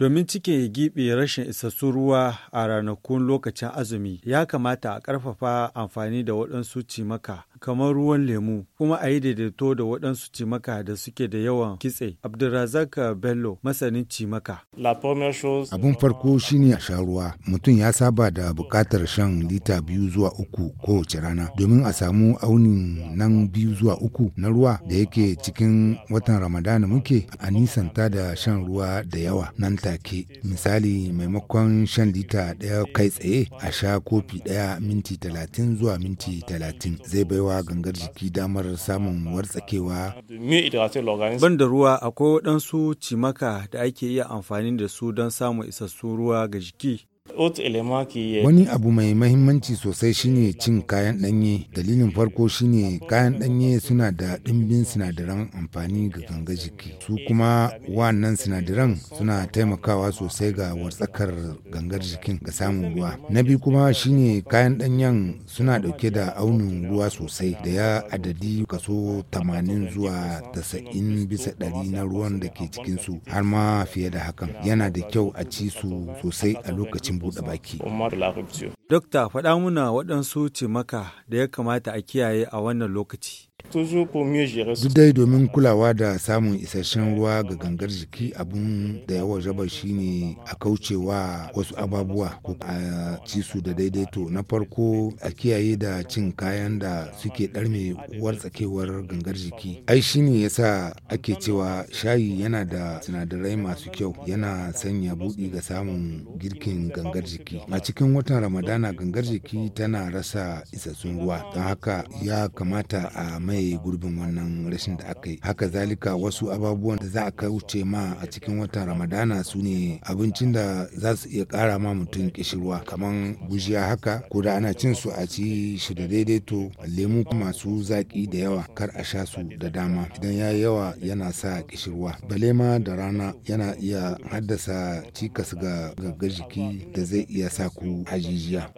Domin cike giɓe rashin isassun ruwa a ranakun lokacin azumi, ya kamata a ƙarfafa amfani da waɗansu cimaka kamar ruwan lemu kuma a yi daidaito da waɗansu cimaka da suke da yawan kitse. Abdulrazak Bello masanin cimaka. Abun euh, farko shine a sha ruwa. Mutum ya saba da buƙatar shan lita biyu zuwa uku kowace rana domin a samu aunin nan biyu zuwa uku na ruwa da yake cikin watan Ramadana muke a nisanta da shan ruwa da yawa nan take. Misali maimakon shan lita ɗaya kai tsaye a sha kofi ɗaya minti talatin zuwa minti talatin zai baiwa wa gangar jiki damar samun wartsakewa. Ban da ruwa akwai waɗansu cimaka da ake iya amfani da su don samun isassun ruwa ga jiki. Wani abu mai mahimmanci sosai shine cin kayan ɗanye. Dalilin farko shine kayan ɗanye suna da ɗimbin sinadaran amfani ga ganga jiki. Su kuma wannan sinadaran suna taimakawa sosai ga watsakar gangar jikin ga samun ruwa. Na biyu kuma shine kayan ɗanyen suna ɗauke da aunin ruwa sosai da ya adadi kaso 80 zuwa 90 bisa ɗari na ruwan da ke cikinsu har ma fiye da hakan. Yana da kyau a ci su sosai a lokacin buɗe baki. Dokta faɗa muna waɗansu cimaka da ya kamata a kiyaye a wannan lokaci. Duk dai domin kulawa da samun isasshen ruwa ga gangar jiki abun da yawa jaba shine a kaucewa wasu ababuwa ko a ci su da daidaito na farko a kiyaye da cin kayan da suke ɗarme wartsakewar gangar jiki. Ai shi ne yasa ake cewa shayi yana da sinadarai masu kyau yana sanya buɗi ga samun girkin gangar jiki. A cikin watan Ramadana gangar jiki tana rasa isassun ruwa don haka ya kamata a mai gurbin wannan rashin da aka yi haka zalika wasu ababuwan da za a wuce ma a cikin watan ramadana su ne abincin da za su iya kara ma mutum kishirwa kamar gujiya haka ko da ana cin su a ci shi da daidaito lemu masu zaki da yawa kar a sha su da dama idan ya yawa yana sa kishirwa balema da rana yana iya haddasa cikas ga gaggar jiki da zai iya sa ku hajijiya.